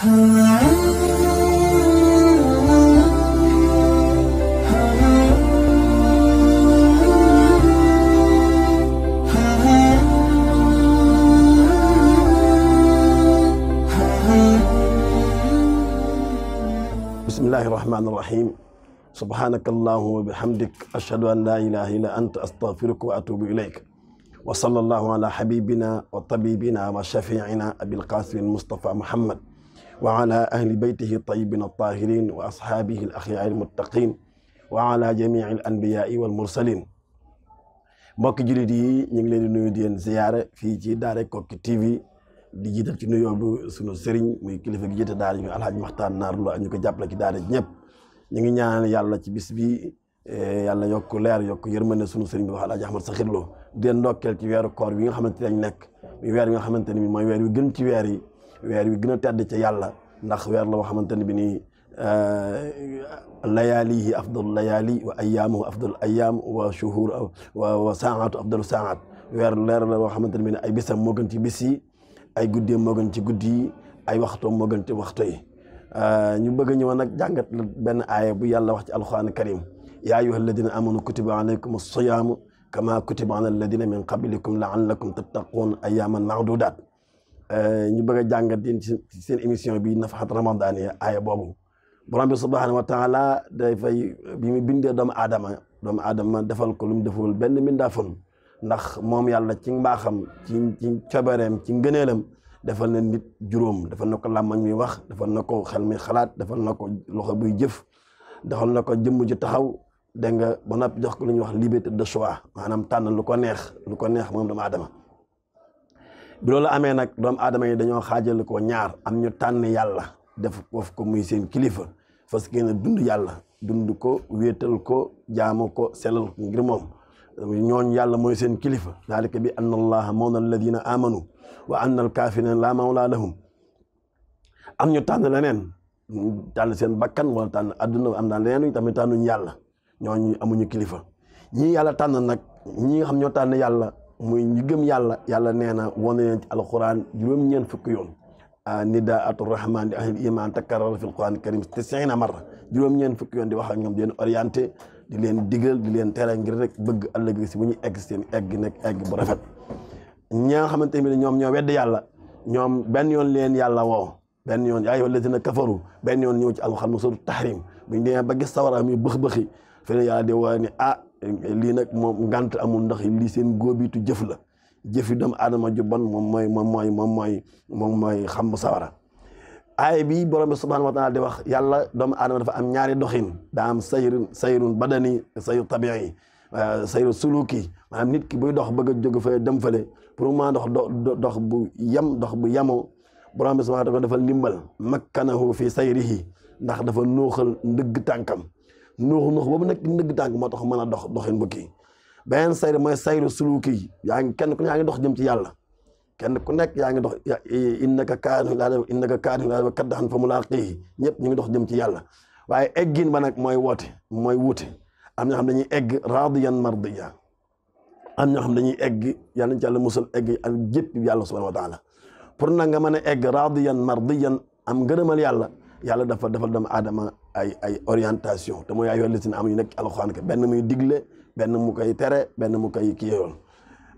bismillahi irrahmani irrahim subhanaka allahuma wa bihamdik ashhadu an laa ilaha illa anta astaghfiruka wa atubu ilayk wa sallallahu ala habibina wa tabibina wa shafiina abilqasim mustafa muhammad wa ala ahli baytihi tayyibin at-tahirin wa ashaabihi al-axyaar al-muttaqiin wa ala jamii al-anbiyaai wal mursaliin mbokki jullit yi ñu ngi leen di nuyu di leen ziyaare fii ci Daara Koki TV di jiital ci nuyoo bi sunu sëriñ muy kilifa gi jiite daara ñu Alhaji Maxtaar Naar Lo ñu ko jàppale ci daara ñëpp ñu ngi ñaanal yàlla ci bis bi e, yàlla yokk leer yokk yërmande sunu sëriñ bi wax Alhaji Ahmad Saxir Lo di leen ndokkeel ci weeru koor bi nga xamante ne dañ nekk muy weer bi nga xamante ne mooy weer wi gën ci yi weer wi gën a tedd ca yàlla ndax weer la woo xamante ne bi nii eh, layaalihi afdalu layaali wa ayaamuhu afdalu ayaam wa shuhur wa saaatu afdalu saaat weer leer la woo xamante ne bi nii ay bisam moo gën ci bis yi ay guddeem moo gën ci guddi yi ay waxtoom moo gën ci waxto yi eh, ñu bëgg a ñëw nag jàngat la benn aaya bu yàlla wax ci alquran karim yaa ayuha alladina amanu kutiba alaykum asiyaamu kama kutiba ala alladina min qablikum laallakum tattaquun ayaaman maadudaat Euh, ñu bëgg a jàngat yéen seen émission bi nafaxat ramadaaniya aaya boobu borom bi subhaanahu wa taala dafay bi mu bindee doomu aadama doomu aadama defal ko lu mu deful benn mbindaafam ndax moom yàlla ci mbaaxam ci ci ci ngëneelam defal na nit juróom defal na ko làmmañ mi wax defal na ko xel mi xalaat defal na ko loxo buy jëf defal na ko jëmm ji taxaw dégg nga ba noppi jox ko lu ñuy wax liberté de choix maanaam tànn lu ko neex lu ko neex moom doomu aadama bi loolu amee nag doomu aadama yi dañoo xaajale ko ñaar am ñu tànn yàlla def ko muy seen kilifa fas yéene dund yàlla dund ko wéetal ko jaamu ko selal ko ngir moom ñooñ yàlla mooy seen kilifa daalika bi anna allaha mawla am ñu tànn leneen tànn seen bakkan wala tànn adduna am naa leneen ñu tànnuñ yàlla ñooñu amuñu kilifa ñii yàlla tànn nag ñi nga xam tànn yàlla muy ñu gëm yàlla yàlla nee na wane leen ci alquran juróom-ñeent fukki yoon ah, nidaatu rahman di ahlil iman takarara fi alquran karim tisiina marra juróom-ñeent fukki yoon di wax ak ñoom di leen orienté di leen digal di leen tere ngir rek bëgg ëllëg si bu ñu egg seen egg nekk egg bu rafet ñi nga xamante ne ñoom ñoo wedd yalla ñoom benn yoon leen yàlla woo benn yoon yaa ayyuhal lazina kafaru benn yoon ñëw ci alxuraan mu sóoru tahrim buñ demee ba gis sawara mi bëx-bëxi lii nag moom ngànt amul ndax lii seen góobitu jëf la jëfi doomu aadama ju ban moom mooy moom mooy moom mooy moom mooy xam sawara aay bi borom bi subhaanahu wa taala di wax yàlla doomu aadama dafa am ñaari doxin daa am sayrun sayrun badani sayru tabi'i sayru suluki maanaam nit ki buy dox bëgg a jóg fële dem fële pour mu dox dox bu yem dox bu yemoo borom bi subhaanahu wa taala dafa ndimbal makkanahu fi sayrihi ndax dafa nuuxal ndëgg tànkam nuux nuux boobu nekk nëgg tànk moo tax mën a dox doxin bu kii beneen sayr mooy sayru suluki yi yaa ngi kenn ku ne yaa ngi dox jëm ci yàlla kenn ku nekk yaa ngi dox innaka kaadihun laa def innaka kaadihun laa def kaddaxan fa mulaaqiihi ñëpp ñu ngi dox jëm ci yàlla waaye eggin ba nag mooy woote mooy wute am ñoo xam dañuy egg raadiyan mardiya am ñoo xam dañuy egg yàlla ci yàlla musal egg ak jëpp yàlla subhaanahu wa taala pour na nga mën a egg raadiyan mardiyan am ngërëmal yàlla yàlla dafa defal doomu aadama ay ay orientation te mooy ay yoon am ñu nekk alxuraan ka benn muy digle benn mu koy tere benn mu koy kii yoon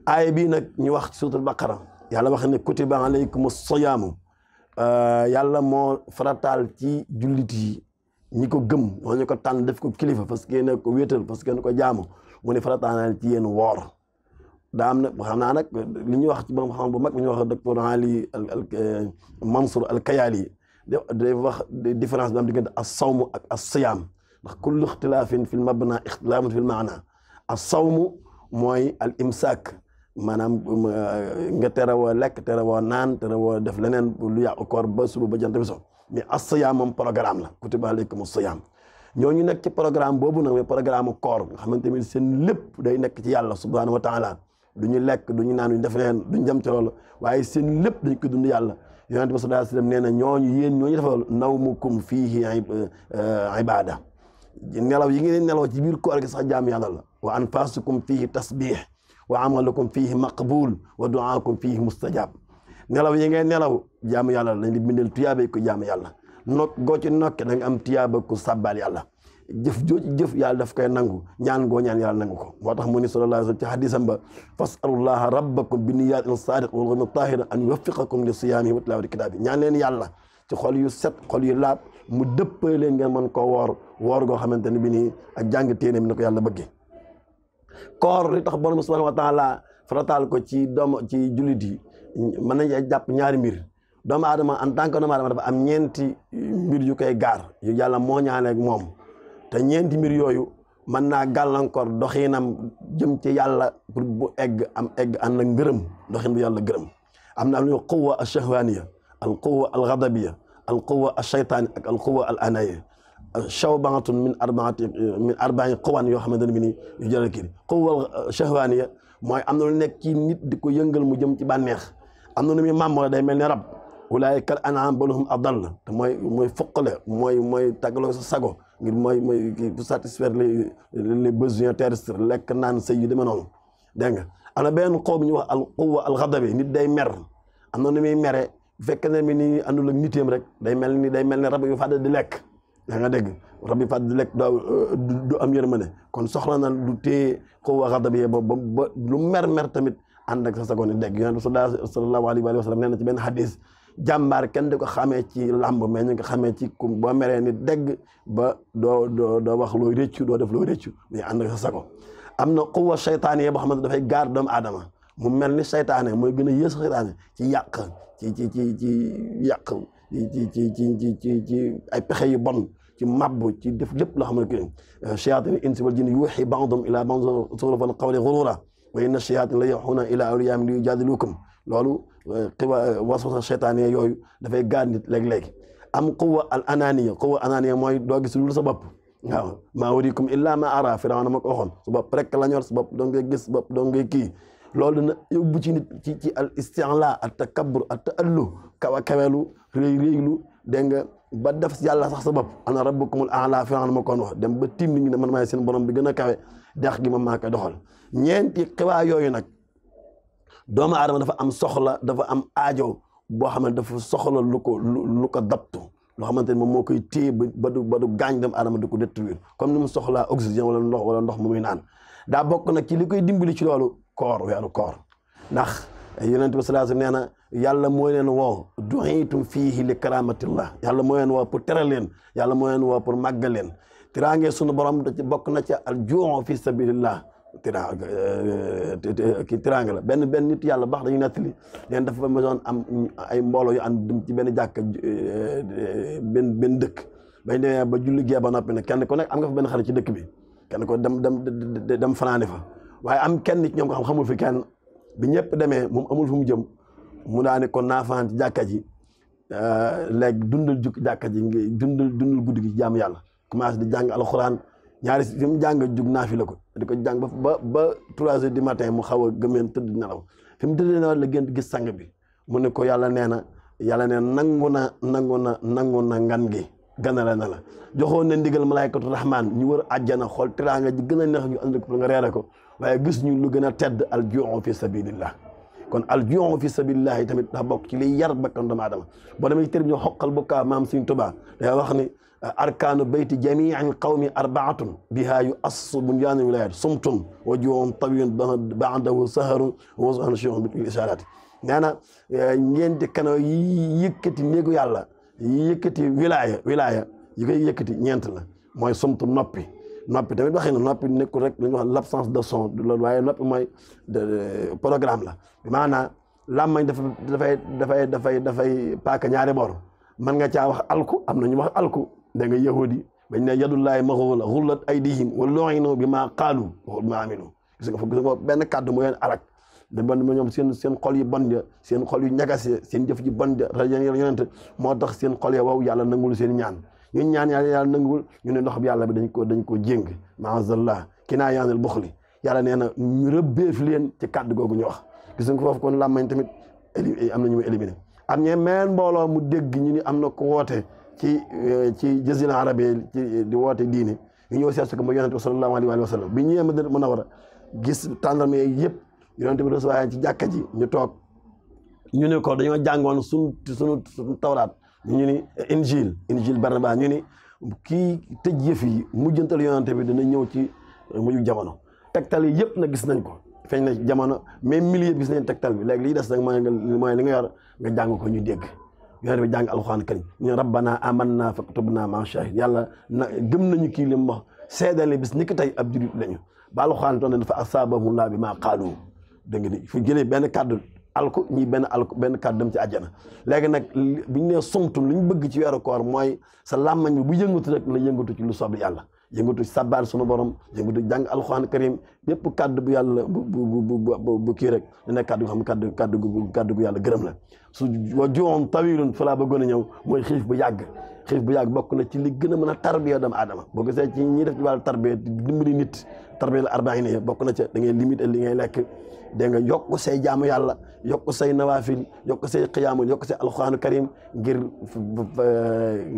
aaya bii nag ñu wax suuratul baqara yàlla wax ne kutiba alaykum siyaamu euh, yàlla moo farataal ci jullit yi ñi ko gëm moo ko tànn def ko kilifa parce que ne ko wéetal parce que ne ko jaamu mu ne farataal ci yéen woor daa am na xam naa nag li ñuy wax ci bu mag li ñuy wax docteur Ali euh, Mansour al Kayali day wax différence bi am diggante as sawmu ak as siyaam ndax kullu ixtilaafin fil mabna ixtilaafun fil maana as sawmu mooy al imsaak maanaam euh, nga tere woo lekk tere woo naan tere woo def leneen lu yàqu koor ba suba ba jant bi so mais as siyaam moom programme la kutiba alaykum as siyaam ñooñu nekk ci programme boobu nag mais programme koor nga xamante ni seen lépp day nekk ci yàlla subhanahu wa taala du ñu lekk du ñu naan du ñu def leen du ñu dem ci loolu waaye seen lépp dañ ko dund yàlla yonent bi sallallahu alayhi wasallam nee na ñooñu yéen ñooñu def loolu nawmukum fiihi euh, ibada nelaw yi ngeen nelaw ci biir koor gi sax yàlla la wa anfasukum fiihi tasbih wa amalukum fiihi maqbul wa duaakum fiihi mustajab nelaw yi ngeen nelaw jaam yàlla la dañ di bindal tuyaabay ko jaam yàlla nokk goo ci nokke da nga am tuyaaba ku sàbbaal yàlla jëf jooju jëf yàlla daf koy nangu ñaan goo ñaan yàlla nangu ko moo tax mu ni sallallahu alayhi wa sallam ci hadisam ba rabbakum bi niyaatin saadiq wal qalbin leen yàlla ci xol yu set xol yu laab mu dëppee leen ngeen mën koo woor woor goo xamante ne bi nii ak jàng téene bi na ko yàlla bëggee koor li tax borom subhanahu wa taala farataal ko ci doom ci jullit yi mën nañ jàpp ñaari mbir doomu aadama en tant que doomu aadama dafa am ñeenti mbir yu kay gaar yu yàlla moo ñaanee ak moom te ñeenti mbir yooyu mën naa gàllankoor doxinam jëm ci yàlla pour bu egg am egg ànd ak gërëm doxin bi yàlla gërëm am na am nañu quwa al shahwaniya al quwa al ghadabiya al quwa al shaytaani ak al quwa al anaya shawbaatun min min arbaati quwan yoo xamante ne bi nii yu jëral kii quwa al shahwaniya mooy am na lu nekk ci nit di ko yëngal mu jëm ci bànneex am na nu muy màmmoo day mel ni rab wulaay kal anaam balahum adall te mooy mooy fuqale mooy mooy tàggaloo sa sago ngir mooy mooy pour satisfaire les les besoins terrestres lekk naan sëy yu demee noonu dégg nga am na benn xaw bu ñuy wax al quwwa al nit day mer am na nu muy mere bu fekkee na mi ni àndul ak niteem rek day mel ni day mel ni rab yu fàdd di lekk yaa nga dégg rab yu fàdd di lekk du am yërmande kon soxla na du téye quwwa ghadabi ba ba lu mer mer tamit ànd ak sa sagone dégg yonent sallallahu alayhi wa sallam nee na ci benn hadis jàmbaar kenn di ko xamee ci làmb mais ñu nga xamee ci kum boo meree ni dégg ba doo doo doo wax loo rëccu doo def looy rëccu mais ànd ak sago am na quwa seytaane boo xamante dafay gaar doomu aadama mu mel ni seytaane mooy gën a yées seytaane ci yàq ci ci ci ci yàq ci ci ci ci ci ay pexe yu bon ci mabbu ci def lépp loo xam ne que shayatin insi wal jin yuuxi ba'dum ila ba'din zukhrufal qawli ghurura wa inna shayatin la yaxuuna ila awliyaam li yujaadilukum loolu xiba euh, euh, waswasa seytaane yooyu dafay gaar ni léeg-léeg am quwa al ananiya quwa ananiya mooy doo gis lu sa bopp illa ma ara firawna ma ko waxoon su bopp rek la ñor su bopp doo ki gis bopp doo ngay kii loolu dina yóbbu ci ci al isti'la at takabbur at ta'allu kawa kaweelu réy réylu dégg nga ba def yàlla sax sa bopp ana rabbukumul a'la Firawna ma koon wax dem ba tiim nit ñi ne maay seen borom bi gën a kawe dex gi ma maa koy doxal ñeenti xibaar yooyu nag doomu aadama dafa am soxla dafa am aajo boo xam ne dafa soxla lu ko lu ko dabtu loo xamante ni moom moo koy téye ba du ba du gaañ doomu aadama di ko détruire comme ni mu soxlaa oxygène wala ndox wala ndox mu muy naan daa bokk nag ci li koy dimbali ci loolu koor weeru koor yonent bi sallallahu alayhi wasallam nee na yàlla moo leen woo du'itum fiihi li karamatillah yàlla moo leen woo pour tere leen yàlla moo leen woo pour màggal leen tiraange sunu borom da bokk na ci al juu fi sabilillah tira euh, kii tiraange la benn benn nit yàlla baax dañu nettali leen dafa mosoon am ay mbooloo yu ànd ci benn jàkk euh, benn benn dëkk bañ demee ba julli gee ba noppi na kenn ku nekk am nga fa benn xarit ci dëkk bi kenn ko dem dem dem fanaane fa waaye am kenn ñoom ko xamul fi kenn bi ñëpp demee moom amul fu mu jëm mu daa ne kon naa fanaan ci jàkka ji euh, léegi dundul jug jàkka ji ngi dundal dundal guddi gi jaamu yàlla commencé di jàng alxuraan ñaari si mu jàng jug naafi la ko di ko jàng ba ba trois heures du matin mu xaw a gëmeen tëdd nelaw fi mu tëdd na la gën gis sang bi mu ne ko yàlla nee na yàlla nee na nangu na nangu na nangu na ngan gi ganale na la joxoon na ndigal malaykatu rahmaan ñu war àjjana xool teraanga ji gën a neex ñu andi ko pour nga reere ko waaye gis ñu lu gën a tedd al ju'u fi sabilillah kon al ju'u fi sabilillah yi tamit daa bokk ci liy yar bakkan doomu aadama boo demee ci tër ñu xoqal bukkaa maam Sëriñ Tuubaa day wax ni arkaanu bayti jamiil qawmi arbaatun bihaa yu assu bunyaanul wilayaat sumtun wa ju'un tawiyun ba'dahu saharun wa zuhan shi'un bil ishaaraati nee na eh, ñeenti kanoo yi yëkkati néegu yàlla yi yëkkati wilaaya wilaaya yi koy yëkkati ñeent la mooy sumtu noppi noppi tamit waxee na noppi nekkul rek lu ñuy wax l' absence de son loolu waaye noppi programme la bi maanaam làmmañ dafa dafay dafay dafay dafay paaka ñaari bor man nga caa wax alku am na ñu wax alku da nga yahudi bañ ne yadullahi maxuula xullat aydihim wa lu'inu bi maa qaalu wa bi maa amilu gis nga fa gis nga benn kàddu moo leen alak da bon ñoom seen seen xol yi bon seen xol yu ñagase seen jëf ji bon ja rajo moo tax seen xol ya wow yàlla nangul seen ñaan ñun ñaan yàlla yàlla nanguwul ñu ne ndox bi yàlla bi dañ ko dañ ko jéng maazallah ki naa yaanal buxli yàlla nee na ñu rëbbeef leen ci kàddu googu ñu wax gis nga foofu ko làmmañ tamit eh, am na ñu muy éliminé am ñee meen mbooloo mu dégg ñu ni am na ko woote ci eh, ci jazira arabi ci eh, di woote diine ñu ñëw seet ko mooy yonente bi sallallahu alayhi wa sallam bi ñëwee Madina Munawara gis tàndarma yëpp yonente bi ci jàkka ji ñu toog ñu ne ko dañoo jàngoon suñ suñu suñu tawraat ñu ni injil injil Barnabas ñu ni kii tëj yëf yi mujjantal yoonante bi dina ñëw ci mujj jamono tegtal yi yëpp na gis nañ ko feeñ na jamono même millier bi gis nañ tegtal bi léegi liy des nag mooy mooy li nga yor nga jàng ko ñu dégg yoonante bi jàng alxuraan karim ñu rabbana amanna faktubna ma shahid yàlla na gëm nañu kii li mu wax seedal bis ni ki tey ab jurit lañu ba alxuraan toon ne dafa asaabahumullah bi maa qaalu dégg nga ni fu jëlee benn kàddu alku ñi benn alku benn kàddu ci àjjana léegi nag bi ñu nee sumtum lu ñu bëgg ci weeru koor mooy sa làmmañ bi bu yëngatu rek la yëngatu ci lu soobee yàlla yëngatu ci sàbbaal sunu borom yëngatu jàng alxuraan karim bépp kàdd bu yàlla bu bu bu bu kii rek ñu nekk kàddu goo xam kàddu kàddu gu kàddu gu yàlla gërëm la su wa juwoon tawilun fa laa bëggoon a ñëw mooy xiif bu yàgg xiif bu yàgg bokk na ci li gën a mën a tarbiya dam aadama boo gisee ci ñi def ci wàllu tarbiya dimbali nit tarbiya la arbaine yi bokk na ca da ngay limité li ngay lekk dégg nga yokk say jaamu yàlla yokk say nawaafil yokk say xiyaamul yokk say alxuraanu karim ngir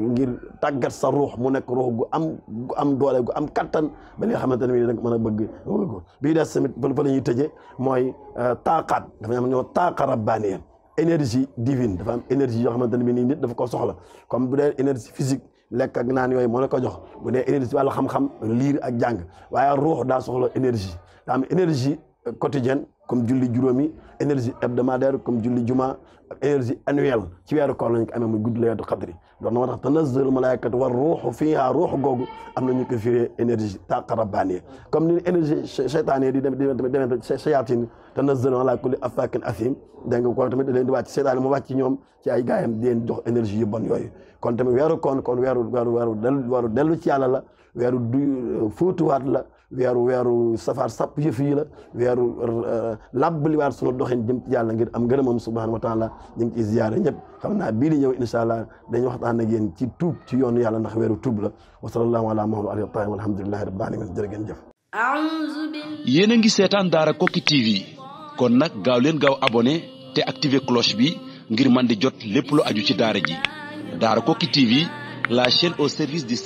ngir tàggat sa ruux mu nekk ruux gu am am doole gu am kattan ba li nga xamante ne bii danga mën a bëgg ko bii des tamit fa la ñuy tëjee mooy taaqaat dafa am ñoo taaqa rabbaaniya énergie divine dafa am énergie yoo xamante ne bi nii nit dafa ko soxla comme bu dee énergie physique lekk ak naan yooyu moo la ko jox bu dee énergie wàllu xam-xam liir ak jàng waaye ruux daa soxla énergie daa am énergie euh, quotidienne comme julli juróomi énergie hebdomadaire comme julli juma énergie annuelle ci weeru koor lañ ko amee muy gudd la weeru xadri don na moo tax tanazzalul malaayikatu war ruuxu fiihaa ruuxu googu am na ñu ko firee ta taaqa rabbaaniya comme ni énergie seytaane di dem di dem sayaatin tanazzalu alaa kulli affaakin athiim dégg nga ko tami da leen di wàcc seytaane mu wàcc ñoom ci ay gaayam di leen jox énergie yu bon yooyu kon tamit weeru koon kon weeru weeru weeru dellu weeru dellu ci yàlla la weeru du fóotuwaat la weeru weeru safar sàpp yëf yi la weeru euh, làbbaliwaat sunu doxin jëm ci yàlla ngir am ngërëmam subhanahu wa taala ñu ngi ci ziyaare ñëpp xam naa bii di ñëw incha allah dañu waxtaan ak yéen ci tuub ci yoonu yàlla ndax weeru tuub la wa sallallahu ala muhammad wa alihi wa taala walhamdulillahi rabbil a ngi seetaan daara Koki TV kon nag gaaw leen gaaw abonné te activer cloche bi ngir man di jot lépp lu aju ci daara ji daara Koki TV la chaîne au service du